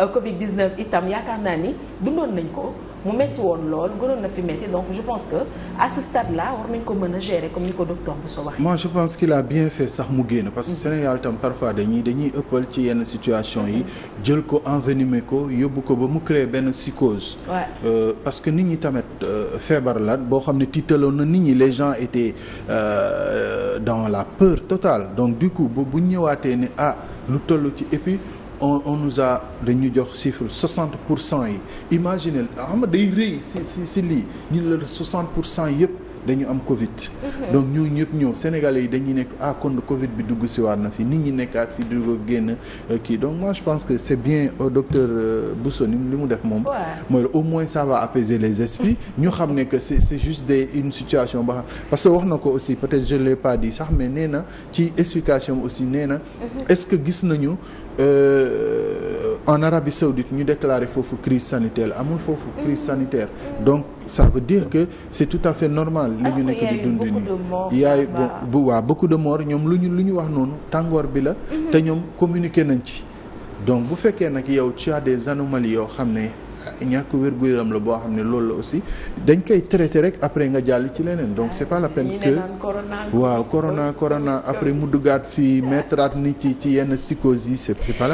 Euh, Covid 19 itam yaakaar naa ni dundoon nañ ko mu metti woon lool gënoon na fi metti donc je pense que à ce stade là war nañ ko mën a gérer comme ni ko docteur Bousso waxee. moi je pense qu'il a bien fait sax mu génn. parce que mm-hmm. Sénégal tam parfois dañuy dañuy ëppal ci yenn situation yi jël ko envenimer ko yóbbu ko ba mu créer benn psychose. Euh, parce que nit ñi tamit euh, feebar la boo xam ne tiitaloon na nit ñi les gens étaient dans la peur total donc du coup bu bu ñëwaatee ne ah lu toll ci et on on nous a dañu jox chiffre 60 pour cent yi imaginez xam ah, nga day rëy si si si lii ñu la 60 pour cent yëpp. dañu am Covid. Mhm. donc ñu ñëpp ñëw Sénégalais yi dañuy nekk ah kon Covid bi dugg si waat na nit ñi nekkaat fi dugg génn euh, kii donc moi je pense que c' est bien au euh, docteur euh, ni li mu def moom. mooy au moins ça va apaiser les esprits. ñu xam ne que c' est c' est juste des une situation ba xam parce que wax na ko aussi peut être je l'ai pas dit sax mais nee na ci explication aussi nee na. Mhm. est ce que gis nañu. en Arabie Saoudite ñu déclaré foofu crise sanitaire amul foofu crise mm. sanitaire mm. donc ça veut dire que c'est tout à fait normal li ñu ah, nekk di dund nii yaay bu waa beaucoup de morts ñoom lu ñu lu ñu wax noonu tàngoor bi la mm-hmm. te ñoom communiqué nañ ci donc bu fekkee nag yow tu as des anomalies yoo xam ne ñàkk wérgu yaram la boo xam ne loolu la aussi dañ koy traité rek après nga jàll ci leneen donc c'est pas la peine que waaw corona corona après mu duggaat fii mettraat nit ci ci yenn psychose yi c'est pas